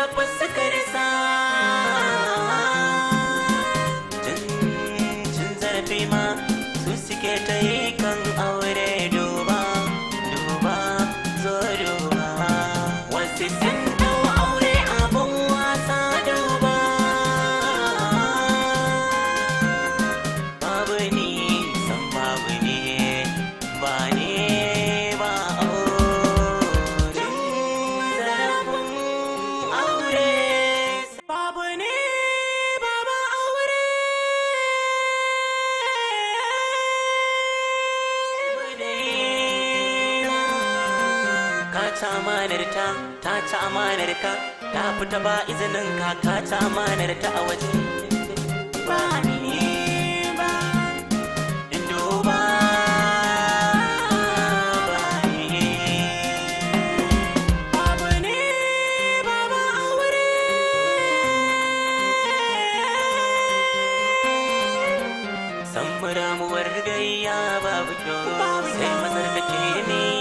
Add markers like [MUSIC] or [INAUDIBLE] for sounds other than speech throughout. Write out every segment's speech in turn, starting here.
up with fita ba izinin kaka ta amanar ta a waje ba ni ba indo ba Samu ramuwar gayya babu kyau sai mazar da ke ni.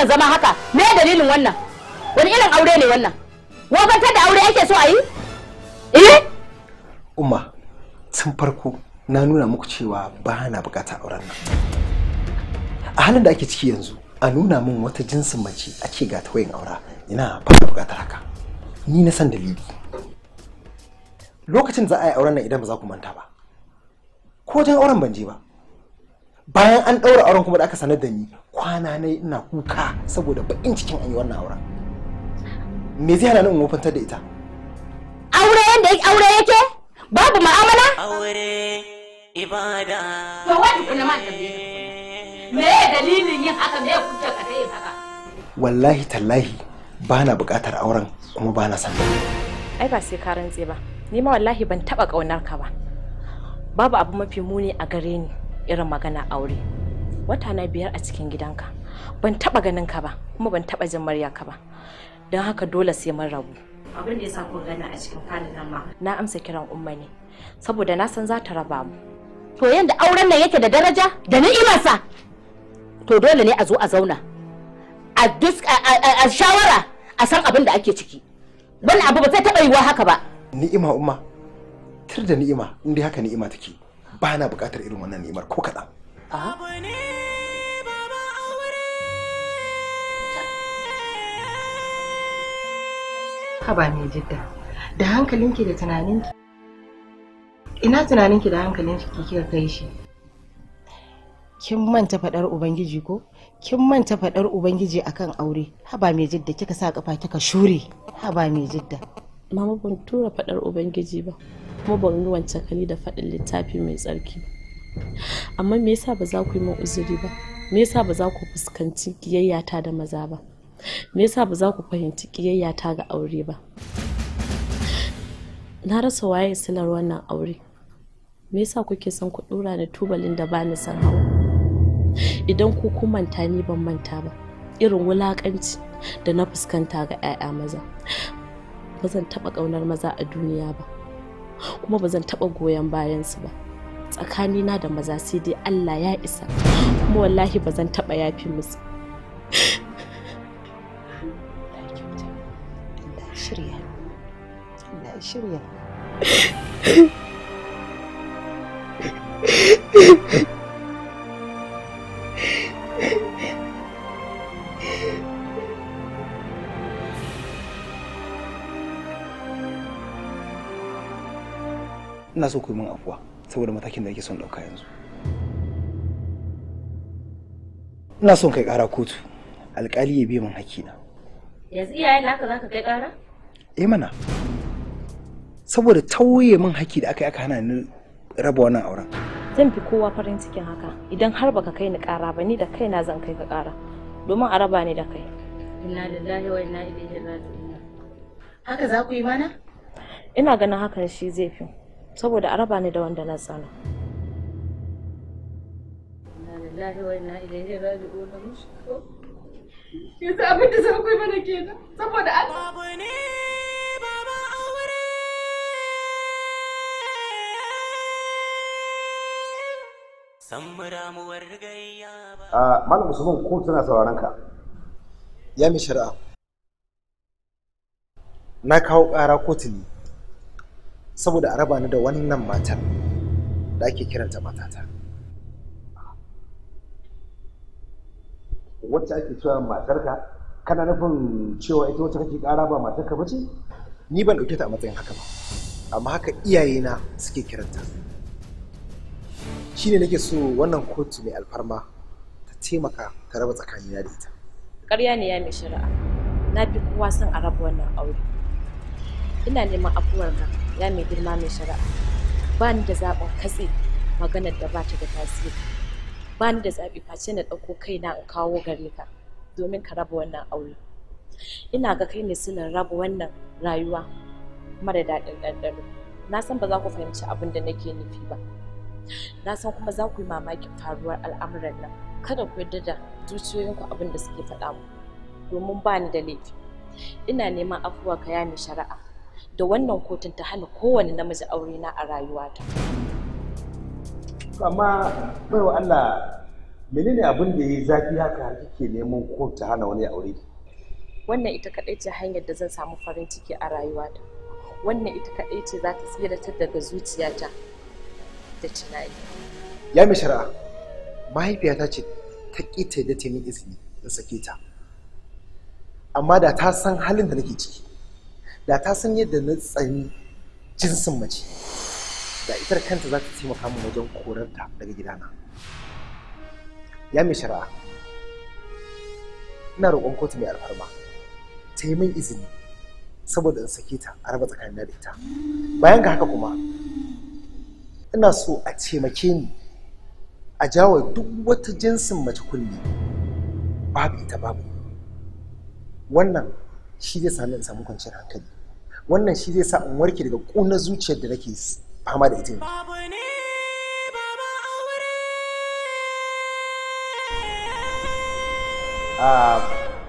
wannan zama haka me dalilin wannan wani irin aure ne wannan wabantar da aure ake so a yi eh umma tun farko na nuna muku cewa ba na bukatar auren nan a halin da ake ciki yanzu a nuna min wata jinsin mace a ce ga ta wayin aura ina ba na bukatar haka ni na san dalili lokacin za a yi auren nan idan ba za ku manta ba ko wajen auren ban je ba bayan an ɗaura auren kuma da aka sanar da ni kwana na ina kuka saboda baƙin cikin an yi wannan auren me zai hana ni in wofantar da ita aure yadda aure yake babu ma'amala aure ibada to wani kuna man tambaye me ya dalilin yin haka me ya kuce ka yi haka wallahi tallahi ba na buƙatar auren kuma ba na san ai ba sai ka rantse ba ni ma wallahi ban taɓa ƙaunar ka ba babu abu mafi muni a gare ni irin magana aure wata na biyar a cikin gidanka ban taba ganin ka ba kuma ban taba jin murya ka ba don haka dole sai mun rabu abin da yasa kun gana a cikin falin nan ma na amsa kiran umma ne saboda na san za ta raba mu to yanda auren nan yake da daraja da ni'imarsa to dole ne a zo a zauna a shawara a san abin da ake ciki wannan abu ba zai taɓa yiwuwa haka ba ni'ima umma tir da ni'ima in dai haka ni'ima take bana na buƙatar irin wannan ni'imar ko kaɗan haba ina tunaninki da hankalinki kika kai shi kin manta faɗar ubangiji ko kin manta faɗar ubangiji akan aure haba mai jidda kika sa kafa kika shure haba mai jidda mama ban tura faɗar ubangiji ba kuma ban yi wancakali da faɗin littafi mai tsarki amma me yasa ba za ku yi min uzuri ba me yasa ba za ku fuskanci ƙiyayyata da maza ba me yasa ba za ku fahimci ƙiyayyata ga aure ba na rasa waye silar wannan aure me yasa kuke son ku dora ni tubalin da ba ni san hawa idan ku kun manta ni ban manta ba irin wulakanci da na fuskanta ga 'ya'ya maza ba zan taɓa ƙaunar maza a duniya ba kuma ba zan taɓa goyon bayansu ba tsakanina da maza sai dai Allah ya isa kuma wallahi ba zan taɓa yafi musu shirya ina so ku yi min afuwa saboda matakin da yake son ɗauka yanzu ina son kai ƙara kotu alƙali ya bi min hakina yanzu iyayen naka za ka kai ƙara eh mana saboda tauye min haki da aka yi aka hana ni raba wannan auren zan fi kowa farin cikin haka idan har baka kai ni ƙara ba ni da kaina zan kai ka ƙara domin a raba ni da kai inna lillahi wa inna ilaihi raji'un haka za ku yi mana ina ganin hakan shi zai fi saboda a raba ni da wanda na tsana. Yanzu abin da zan kai mana kenan saboda Allah. A ah, Malam Usman ko tana sauraron ka? Ya mi shari'a. Na kawo ƙara kotu ne. saboda a raba ni da wannan matar da ake kiranta matata wacce ake cewa matarka kana nufin cewa ita wacce kake kara ba matarka ba ce ni ban ɗauke ta a matsayin haka ba amma haka iyayena suke kiranta shine nake so wannan kotu mai alfarma ta taimaka ta raba tsakanin da ita ƙarya ne ya mai shari'a na fi kowa son a raba wannan aure ina neman afuwarka ya mai girma mai shari'a Bani da zaɓin katse maganar da bata da tasiri Bani da zaɓi face na ɗauko kaina in kawo gare ka domin ka raba wannan aure ina ga kai ne sunan raba wannan rayuwa mara daɗin ɗanɗano na san ba za ku fahimci abin da nake nufi ba na san kuma za ku yi mamakin faruwar al'amuran nan kada ku yarda da zuciyoyinku abin da suke faɗa mu domin ba ni da laifi ina neman afuwa ka ya mai shari'a da wannan kotun ta hana kowane namiji aure na a rayuwata amma wa Allah menene abin da ya zafi haka har kike neman kotu ta hana wani aure wannan ita kadai ce hanyar da zan samu farin ciki a rayuwata wannan ita kadai ce za ta tsiratar daga zuciyata da tunani ya mai shari'a mahaifiyata ce ta ƙi ta da ta izini na sake ta amma da ta san halin da nake ciki da ta san yadda na tsani jinsin mace da ita kanta za ta taimaka min wajen korarta daga gidana ya mai shari'a ina roƙon kotu mai alfarma ta yi min izini saboda in sake ta a raba tsakanin da ita bayan ga haka kuma ina so a taimake ni a jawo duk wata jinsin mace kunne babu ita babu wannan shi zai sami in samu kwanciyar hankali wannan shi zai sa in warke daga kuna zuciyar da nake fama da ita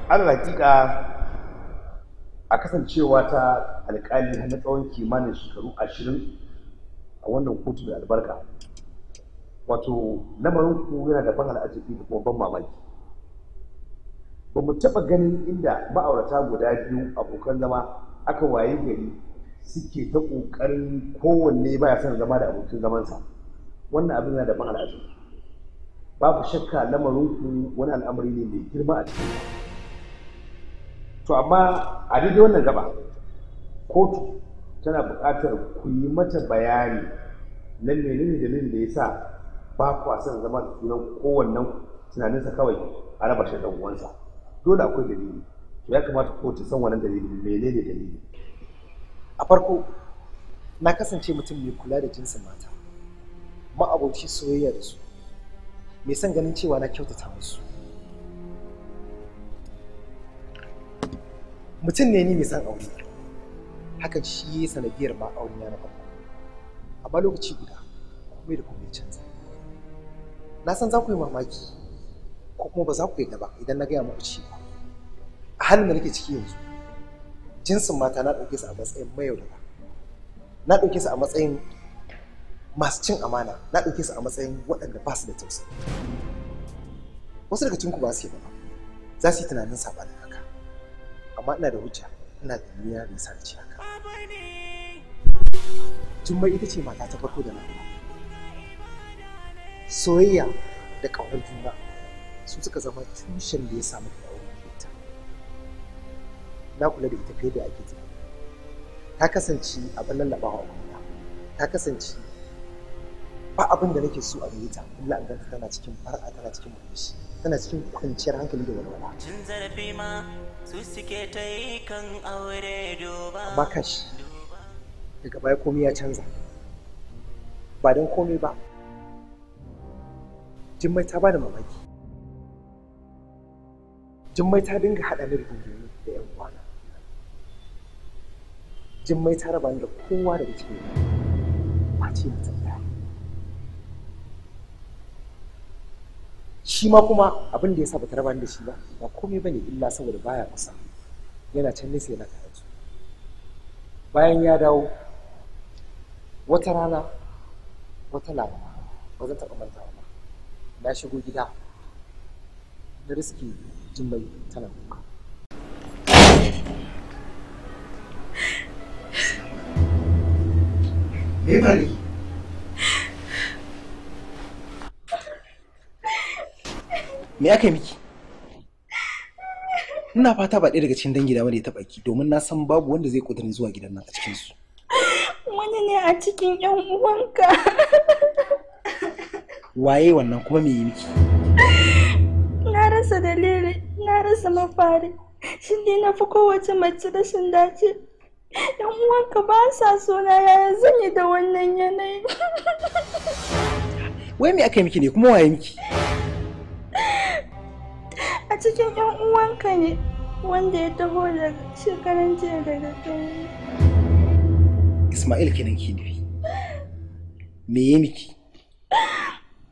Allah a kasancewa ta alkali na tsawon kimanin shekaru ashirin a wannan kotu da albarka wato lamarin ku yana da ban al'ajabi da kuma ban mamaki ba mu taɓa ganin inda ma'aurata guda biyu abokan zama aka wayi gari suke ta ƙoƙarin kowanne baya son zama da abokin zamansa wannan abin yana da ban al'ajabi babu shakka lamarinku wani al'amari ne mai girma a cikin to amma a daidai wannan gaba kotu tana buƙatar ku yi mata bayani na menene dalilin da ya sa ba a son zama da sunan kowannen tunaninsa kawai a raba shi dan uwansa dole akwai dalili ya kamata ko ta san wannan dalili menene dalili a farko na kasance mutum mai kula da jinsin mata ma'aboci soyayya da su mai son ganin cewa na kyautata musu mutum ne ni mai san aure hakan shi yi sanadiyar ba aure na farko amma lokaci guda komai da komai canza na san za ku yi mamaki ko kuma ba za ku yi gaba idan na gaya muku ci ba a halin da nake ciki yanzu jinsin mata na ɗauke su a matsayin mayaudara na ɗauke su a matsayin masu cin amana na ɗauke su a matsayin waɗanda ba su da tausayi wasu daga cinku ba su yi ba za su yi tunanin saɓanin haka amma ina da hujja ina da niyya da yasa ci haka jummai ita ce mata ta farko da na soyayya da ƙaunar juna su suka zama tushen da ya samu na kula da ita fiye da ake ciki ta kasance abin lallaba a kuma ta kasance ba abin da nake so a gare ta illa an ganta tana cikin fara'a tana cikin murmushi tana cikin kwanciyar hankali da walwala cin zarafi ma su suke ta yi kan aure doba amma kashi daga baya komai ya canza ba don komai ba jimmai ta bani mamaki jimmai ta dinga haɗa ni rigingimu da yan uwa jin ta tara kowa da kowa daga cikin face na shi ma kuma abin da ya sa ba ta da shi ba ba komai bane illa saboda baya kusa yana can nesa yana tare su bayan ya dawo wata rana wata laraba ba zan taɓa manta ba na shigo gida na riski mai tana kuka Beverly. Me aka yi miki? Ina fata ba ɗaya daga cikin dangi da ya taɓa ki domin na san babu wanda zai ƙudurin zuwa gidan nan a cikin su. Wani ne a cikin ƴan uwanka. Waye wannan kuma me yi miki? Na rasa dalili, na rasa mafari. Shin ne na fi kowace mace rashin dace. [LAUGHS] yan uwanka ba sa so na yaya zan yi da wannan yanayi [LAUGHS] wai me aka yi miki ne kuma waye miki a cikin yan uwanka ne wanda ya taho da shekaran jiya daga gani ismail kenan ki ne me ya miki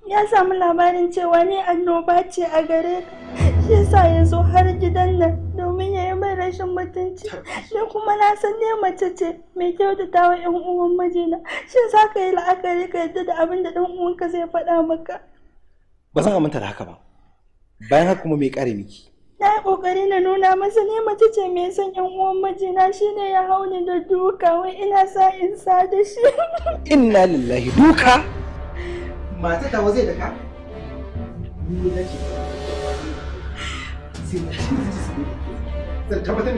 ya samu labarin cewa ne annoba ce a gare ka shi yasa ya zo har gidan nan domin ya mai rashin mutunci ni kuma na san ne mace ce mai kyautata wa yan uwan majina shin za ka yi la'akari ka yadda da abin da dan uwanka zai faɗa maka ba zan aminta da haka ba bayan haka kuma mai kare miki na yi kokari na nuna masa ne mace ce mai son yan uwan shi shine ya hau ni da duka wai ina sa in sa da shi [LAUGHS] inna lillahi duka mata ta zai daka ni na ce sai na ce zan tabbatar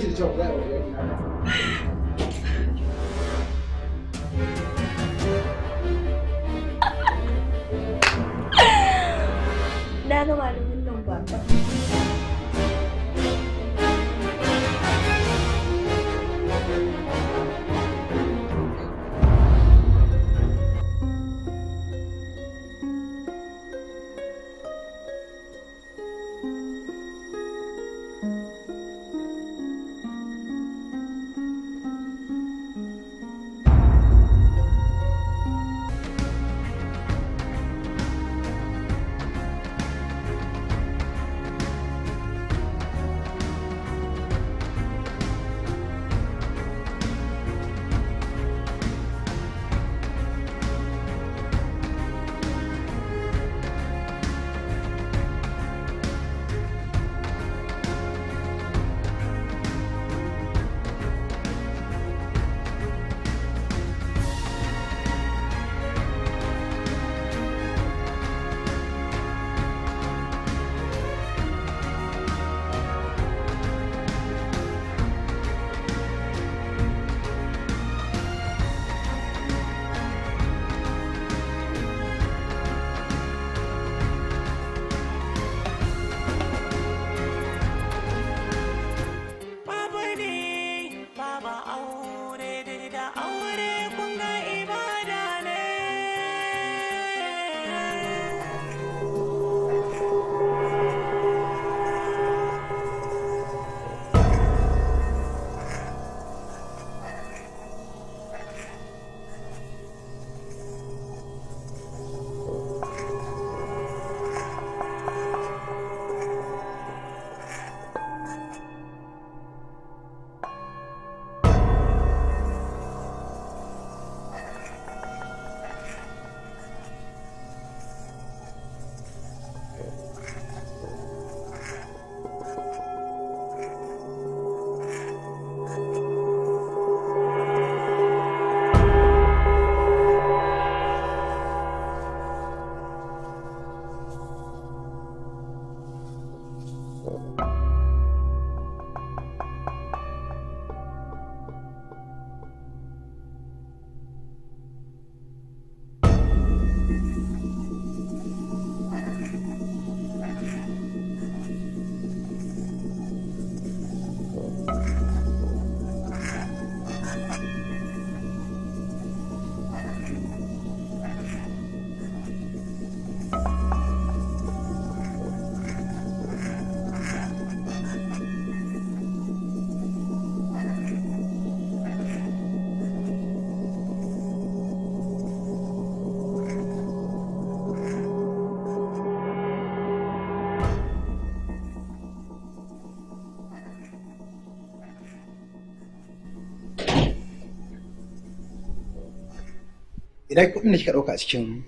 idan kuɗin da kika ɗauka a cikin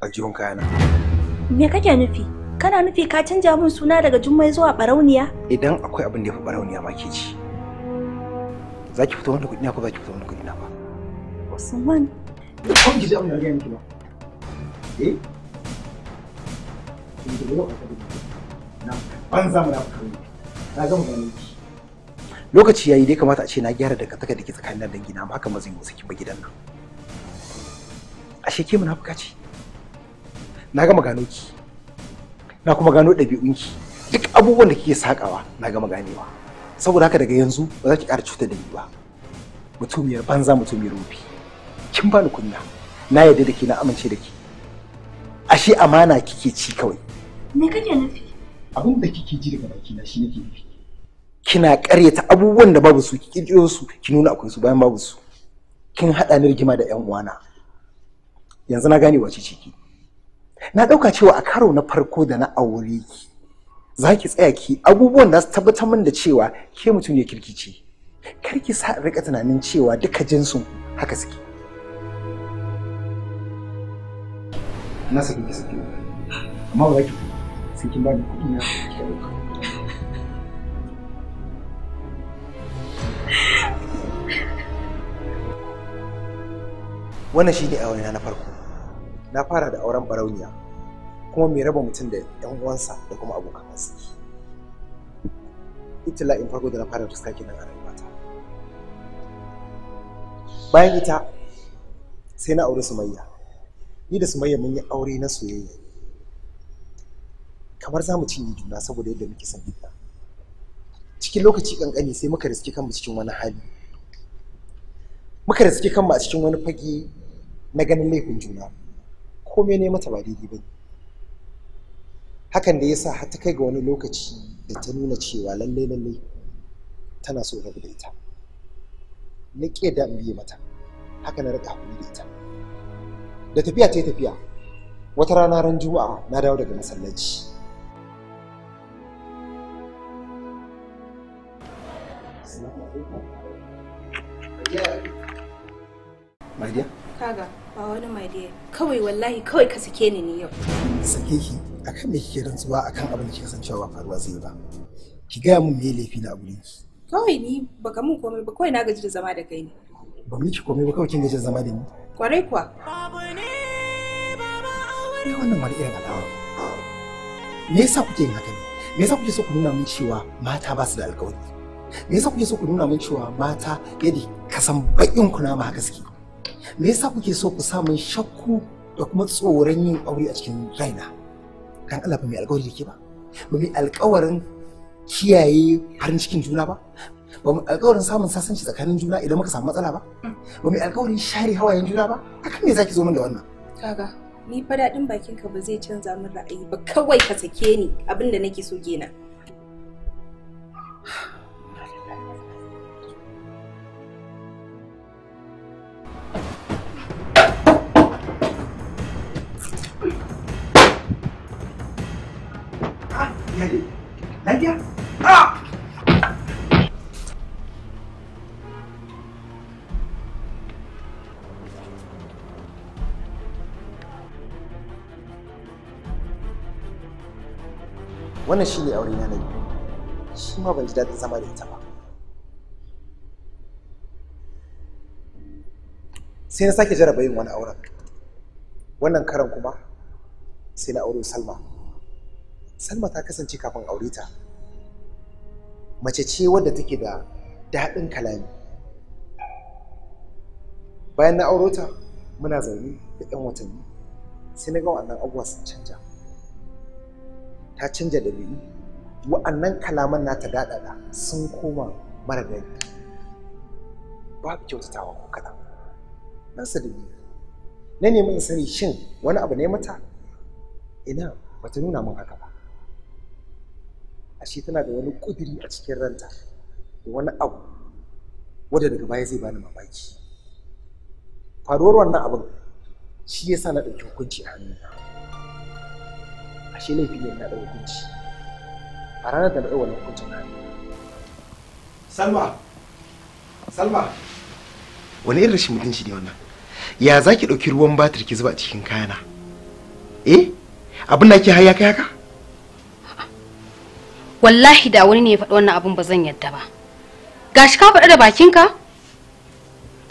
aljihun kayana. Me kake nufi? Kana nufi ka canja mun suna daga Jummai zuwa Barauniya? Idan akwai abin da ya fi Barauniya ma ke ji. Za ki fito wani kuɗi na ko za ki fito wani kuɗi na ba? Usman. Ko ki ji abin da miki ba? Eh? Kin ji ba Na ban za na fito. Na gama ganin ki. Lokaci yayi dai kamata a ce na gyara da taka da ke tsakanin dangina na haka mazin wasu kin ba gidan nan. ashe ke munafuka ce na gama gano ki na kuma gano ki. duk abubuwan da kike sakawa na gama ganewa saboda haka daga yanzu ba za ki ƙara cutar da ni ba mutumiyar banza mutumiyar rufi kin bani kunya na yarda da ke na amince da ke ashe amana kike ci kawai me kake nufi abin da kike ji daga baki na shi nake nufi kina ƙaryata abubuwan da babu su ki kirkiro su ki nuna akwai su bayan babu su kin haɗa ni rigima da ƴan uwana yanzu na gane wace ciki na ɗauka cewa a karo na farko da na aure ki za ki tsaya ki abubuwan da su tabbatar min da cewa ke mutum ne kirkici kar ki sa rika tunanin cewa duka jinsin haka suke na saki ki saki amma ba za ki sai kin ba ni kuɗi na wannan shi ne a na farko na fara da auren barauniya kuma mai raba mutum da yan uwansa da kuma abokan arziki in farko da na fara fuska nan a rayuwata bayan ita sai na auri sumayya ni da sumayya mun yi aure na soyayya kamar za mu cinye juna saboda yadda muke son juna cikin lokaci kankani sai muka riske kanmu cikin wani hali muka riske kanmu a cikin wani fage na ganin laifin juna komai ne mata ba daidai ba hakan da ya sa har ta kai ga wani lokaci da ta nuna cewa lallai lallai tana so rabu da ita na ƙi da biye mata haka na riƙa hakuri da ita da tafiya ta yi tafiya wata rana ran juma'a na dawo daga masallaci My dear. kaga ba wani mai da kawai wallahi kawai ka sake ni ni yau sake ki akan me kike rantsuwa akan abin da kika san cewa faruwa zai ba ki gaya mun me laifi na abin ki kawai ni baka mun komai ba kawai na gaji da zama da kai ne ba miki komai ba kawai kin gaji da zama da ni kwarai kuwa ne wannan wani irin alawa me yasa kuke yin haka ne me yasa kuke so ku nuna min cewa mata ba su da alƙawari me yasa kuke so ku nuna min cewa mata yadda kasan bakin na ma haka suke me yasa kuke so ku samu shakku da kuma tsoron yin aure a cikin raina dan Allah ba mai alƙawari da ke ba ba mai alƙawarin kiyaye farin cikin juna ba ba mu alƙawarin samun sasanci tsakanin juna idan muka samu matsala ba ba mu alƙawarin share hawayen juna ba akan me zaki zo min da wannan kaga ni fa daɗin bakinka ba zai canza min ra'ayi ba kawai ka sake ni abin da nake so kenan wannan ne aure na na shi ma ban ji dadin zama da ita ba sai na sake jaraba yin wani auren wannan karan kuma sai na auren salma salma ta kasance kafin aure ta mace ce wadda take da daɗin kalami bayan na auro ta muna zaune da 'yan watanni sai na ga wannan abubuwa sun canja ta canja biyu wa'annan kalaman nata daɗaɗa sun koma mara daɗi babu kyautatawa ko kada, nan sa biyu na nemi in sani shin wani abu ne mata ina bata nuna min haka ba ashe tana da wani ƙudiri a cikin ranta da wani abu wanda daga baya zai bani mamaki faruwar wannan abin shi yasa na ɗauki hukunci a hannuna ashe laifi ne na da hukunci a ranar da na wannan hukuncin na salma salma wani irin rashin mutunci ne wannan ya za ki ɗauki ruwan batir ki zuba cikin kayana eh abin da ke haya kai haka wallahi da wani ne ya faɗi wannan abin ba zan yadda ba gashi ka faɗa da bakinka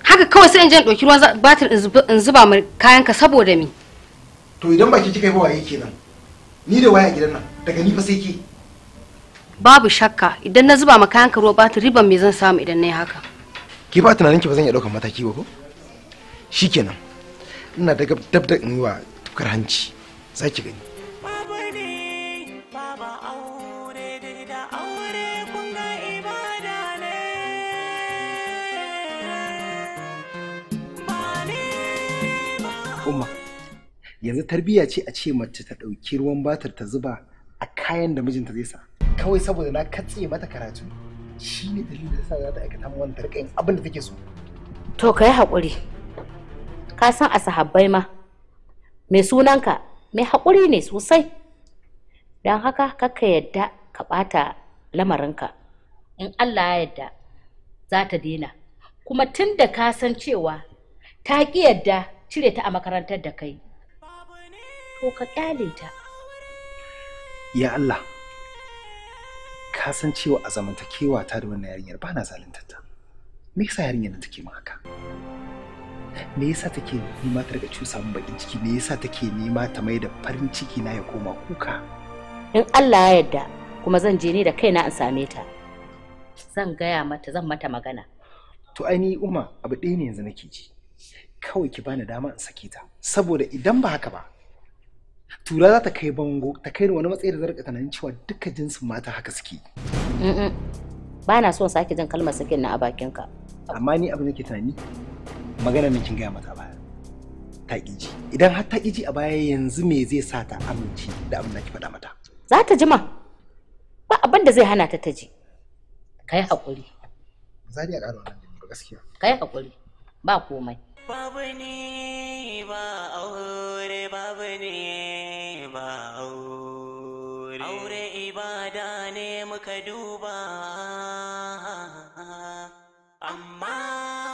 haka kawai sai in je in ɗauki ruwan batir in zuba kayanka saboda me to idan baki kika yi ba waye kenan ni da waya gidan nan daga ni fa sai ke babu shakka idan na zuba maka yanka ruwa bata riban me zan samu idan na yi haka ki ba tunanin ki ba zan iya mataki ba ko shikenan ina da in yi wa tukar hanci sai ki gani yanzu tarbiyya ce a ce mace ta ɗauki ruwan batar ta zuba a kayan da mijinta zai sa kawai saboda na katse mata karatu shi ne dalilin da sa za ta aikata mu wannan abin da take so to kai hakuri, ka san a sahabbai ma mai sunanka mai haƙuri ne sosai don haka kakka yadda ka ɓata lamarinka in Allah ya yadda za ta daina kuma tun da ka san cewa ta ƙi yadda cire ta a makarantar da kai to ka kyale ta ya Allah ka san cewa a zamantakewa ta da wannan yarinyar ba na zaluntar ta me yasa yarinyar nan take min haka me yasa take nema ta daga cusa min bakin ciki me yasa take nema ta mai da farin ciki na ya koma kuka in Allah ya yarda kuma zan je ne da kaina in same ta zan gaya mata zan mata magana to ainihi umma abu ɗaya ne yanzu nake ji kawai ki bani dama in sake ta saboda idan ba haka ba tura za ta kai bango ta kai wani matsayi da zarga tunanin cewa duka jinsin mata haka suke ba na son sake jin kalmar sakin na a bakin ka amma ni abin da ke tunani magana nan kin gaya mata ba ta kiji idan har ta kiji a baya yanzu me zai sa ta amince da abin da ki faɗa mata za ta jima ba abin da zai hana ta ta ji kai hakuri za ni a ƙara wannan gaskiya kai hakuri ba komai babu ne ba aure ne aure ibada ne muka duba amma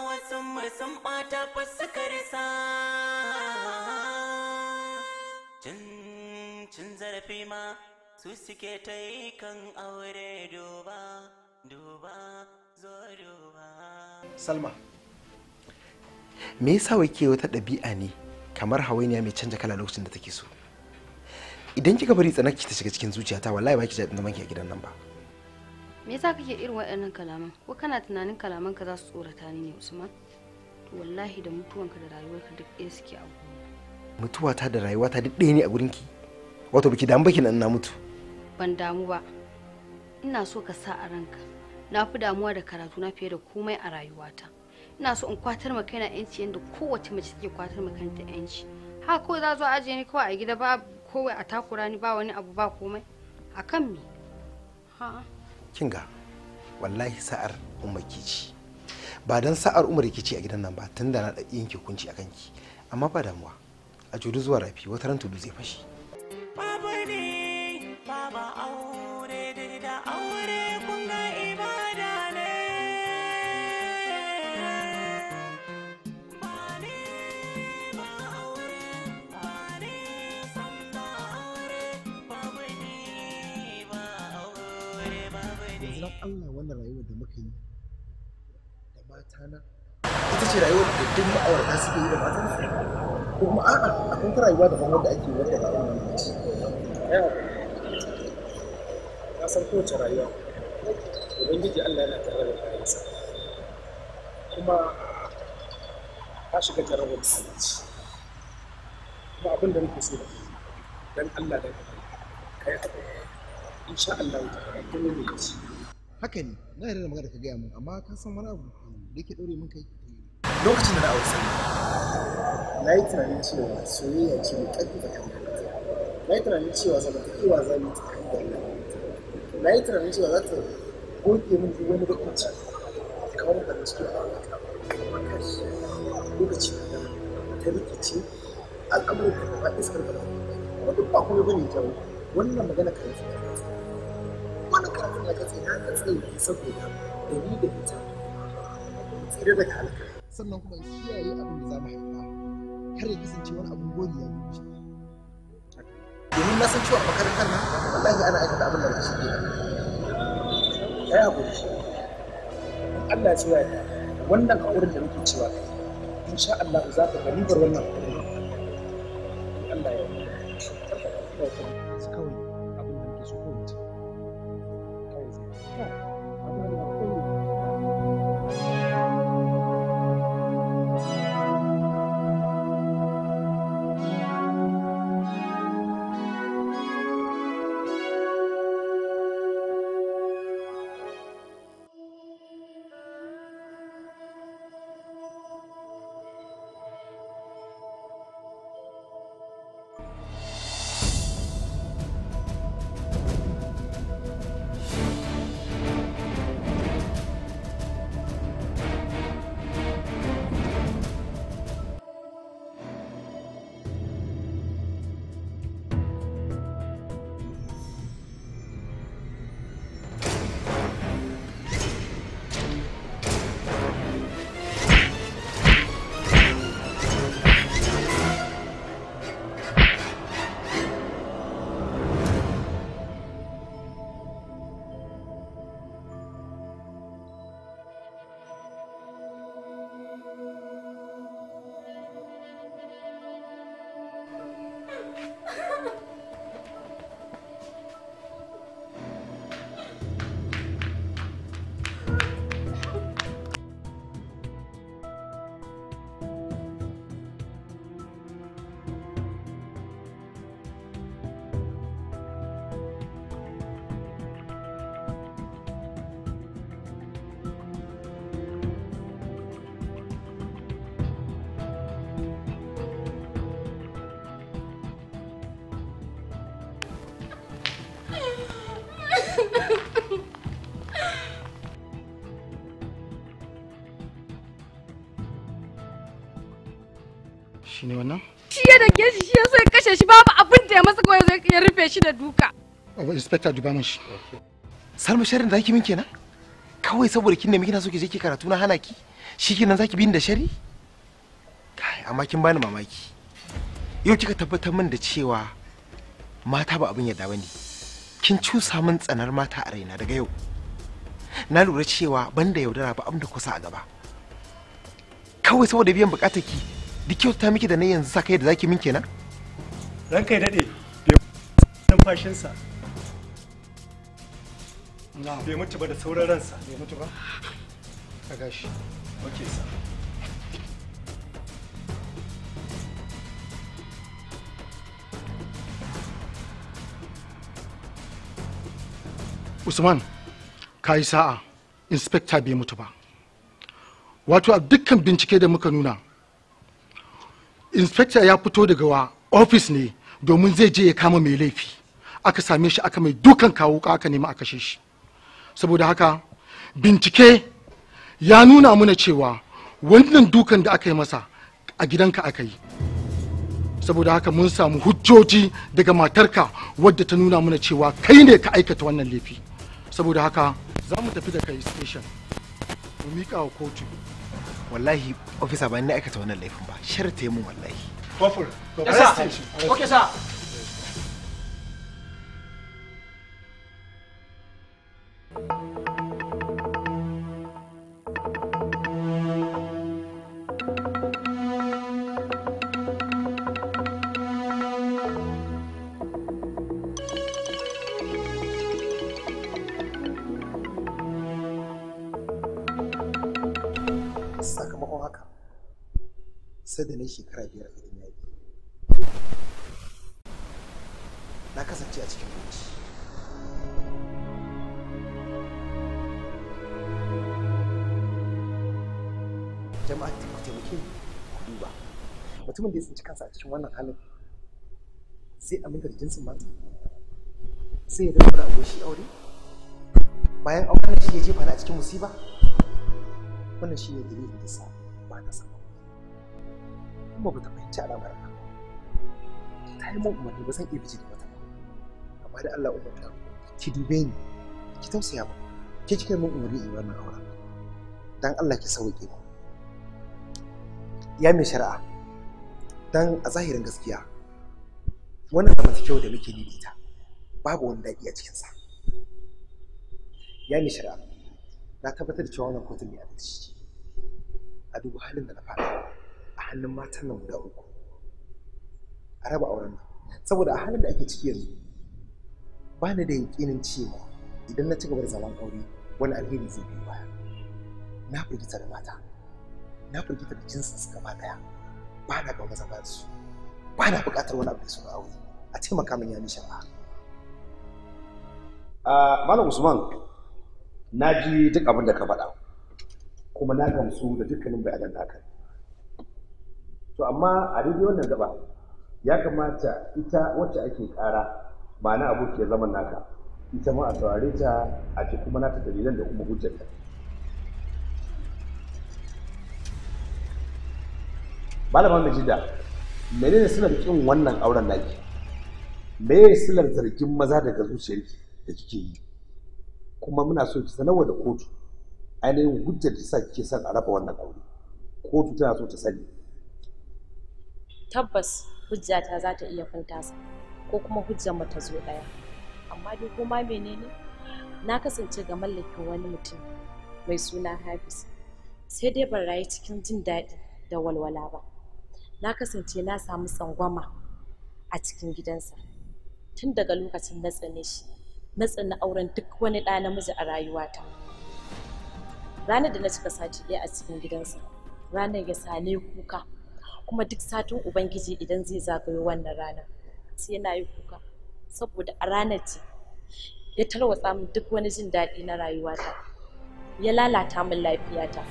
wasu sun bata fuskar sa cin zarafi ma su suke ta yi kan aure duba duba zo duba salma me yasa wai ke wata ɗabi'a ne kamar hawainiya mai canja kala lokacin da take so idan kika bari tsanar ki ta shiga cikin zuciyata wallahi ba ki jaɗin da manke a gidan nan ba me yasa kake irin waɗannan kalaman ko kana tunanin kalaman ka za su tsorata ni ne usman to wallahi da mutuwanka da rayuwarka duk ɗaya suke a gona mutuwata da rayuwata duk ɗaya ne a gurin ki wato biki damu baki nan na mutu ban damu ba ina so ka sa a ranka na fi damuwa da karatu na fiye da komai a rayuwata ina so in kwatar maka yana yanci yadda kowace mace take kwatar maka kanta yanci ha ko za zo ajiye ni kawai a gida ba kowai a takura ni ba wani abu ba komai a kan me kin ga wallahi sa'ar umar kici ba dan sa'ar umar kici a gidan nan ba tunda na da yanke kunci akan ki amma ba damuwa a cudu zuwa rafi wata ran tudu zai fashi baba ne baba aure da aure yanzu Allah wannan rayuwar da muka yi da mata ita ce rayuwar da duk ma'aurata suke yi da matan ko kuma a'a akwai ta rayuwa daban wanda ake wanda da irin wannan ya san kowace rayuwa ubangiji Allah yana tare da kayansa kuma ka shiga tare da kayansa kuma abin da muke so da dan Allah da kai abu insha Allah ta kuma ne haka ne na yarda da magana ka gaya min amma ka san wani abu da ke ɗore min kai lokacin da na aure sani na yi tunanin cewa soyayya ce mai ƙarfi da kan na yi tunanin cewa zamantakewa za mu ta kan da na yi tunanin cewa za ta goge min duk wani bakin kamar da na cikin farin ciki a rayuwata amma kai lokacin da ta rikice al'amuran da ba iskar ba amma ba kuma bane kyau wannan magana kan su kafin na katse na katse ne saboda da ni da ita tsira daga halaka sannan kuma kiyaye abin da za mu haifa kar ya kasance wani abin gori ya yi. domin na san cewa makarantar na wallahi ana aikata abin da ba shi ke. ya yi haƙuri shi Allah ce ya wannan haƙurin da muke cewa kai in sha Allah za ka ga ribar wannan haƙurin Allah ya yi shi ne wannan shi ya dage shi shi ya so kashe shi babu abin da ya masa kawai ya rufe shi da duka oh, abu inspector duba min shi salma da min kenan kawai saboda kin nemi kina so ki je ki karatu na hana ki shi kenan zaki bi da shari kai amma kin bani mamaki yau kika tabbatar min da cewa mata ba abin yadda bane kin cusa min tsanar mata a raina daga yau na lura cewa banda yaudara ba abin da kusa a gaba kawai saboda biyan bukatar ki duk kyauta miki da na yanzu sa kai da zaki min kenan ranka ya dade sa na bai mutu ba da sauran ransa bai mutu ba ka gashi oke sa usman ka yi sa'a inspector bai mutu ba wato a dukkan bincike da muka nuna inspector ya fito daga ofis ne domin zai je ya kama mai laifi aka same shi aka mai dukan kawo ka aka nemi a kashe shi saboda haka bincike ya nuna mana cewa wannan dukan da aka yi masa a gidanka aka yi saboda haka mun samu hujjoji daga matarka wadda ta nuna mana cewa kai ne ka aikata wannan laifi saboda haka za mu tafi da kai station mu mika wa kotu wallahi ofisa ba ni aikata wannan laifin ba shar ta mun wallahi kofur sai da na shekara biyar a gidan yari na kasance a cikin bauchi jama'a ku muke ku duba mutumin da ya tsinci kansa a cikin wannan halin sai a mintar jinsin mata sai ya dafa abu shi aure bayan auren shi ya jefa na a cikin musiba wannan shi ne dalilin da sa ba ta sama umma bata fahimci alamar ba ta yi min umarni ba zan iya bijiri mata ba amma da Allah umma ta ki dube ni ki tausaya ba ke kika min umarni in wannan aure dan Allah ki sauke ba ya mai shari'a dan a zahirin gaskiya wannan kyau da muke ni da ita babu wani daɗi a cikinsa ya mai shari'a na tabbatar da cewa wannan kotun ne a a duba halin da na fara. hannun matan nan guda uku a raba auren nan saboda a halin da ake ciki yanzu ba ni da yakinin cewa idan na ci gaba da zaman aure wani alheri zai biyo baya na firgita da mata na firgita da jinsin su gaba daya ba na ba maza da su ba na buƙatar wani abu da suna aure a taimaka min ya ba a Malam Usman na ji duk abin da ka faɗa kuma na gamsu da dukkanin bayanan naka to amma a daidai wannan gaba ya kamata ita wacce ake kara ba na abokiyar zaman naka ita ma a saurare ta a ce kuma nata dalilan da kuma hujjarta malama majida menene silar kin wannan auren naki me ya silar zargin maza daga zuciyarki da kike yi kuma muna so ki sanarwa da kotu ainihin hujjar da sa kike son a raba wannan aure kotu tana so ta sani tabbas hujjata za ta iya sa, ko kuma hujjar mu ta zo ɗaya amma dai kuma menene na kasance ga mallakin wani mutum mai suna hafiz sai dai ban rayu cikin jin daɗi da walwala ba na kasance na samu tsangwama a cikin gidansa tun daga lokacin na tsane shi na tsane auren duk wani ɗa namiji a rayuwata ranar da na cika sati ɗaya a cikin gidansa ranar ya sane kuka kuma duk satin ubangiji idan zai zagayo wannan rana sai yana yi kuka saboda a ranar ce ya tarwatsa min duk wani jin daɗi na rayuwata ya lalata min lafiyata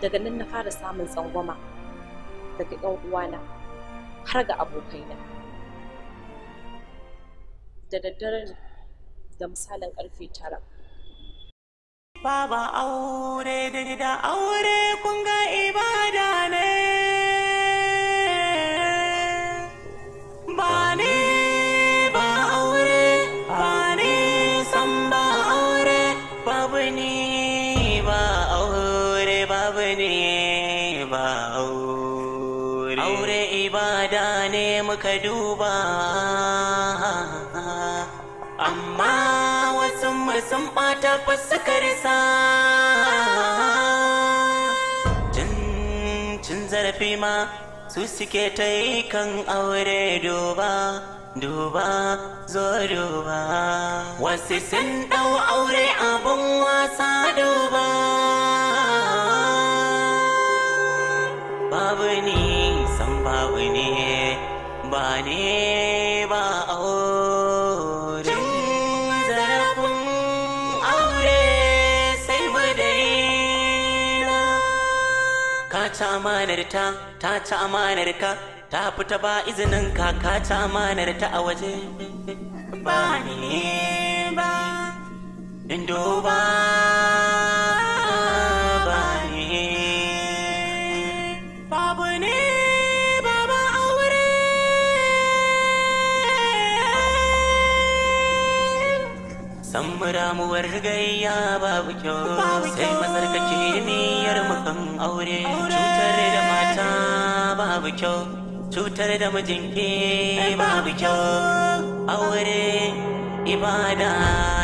daga nan na fara samun tsangwama daga 'yan uwana har ga abokaina da daddare da misalin karfe tara Baba aure da aure kunga ibada ne tabbas suka risa zarafi ma su sike ta yi aure duba duba zo duba wasu sun ɗau aure abun wasa duba babu ni san babu ne ba ne amanar ta ta ci amanar ka ta fita ba izinin ka ka ci amanar ta a waje ba ni ba in duba san mu ramuwar gayya babu kyau sai masarkaki niyyar mukan aure cutar da mata babu kyau cutar da mijinki babu kyau aure ibada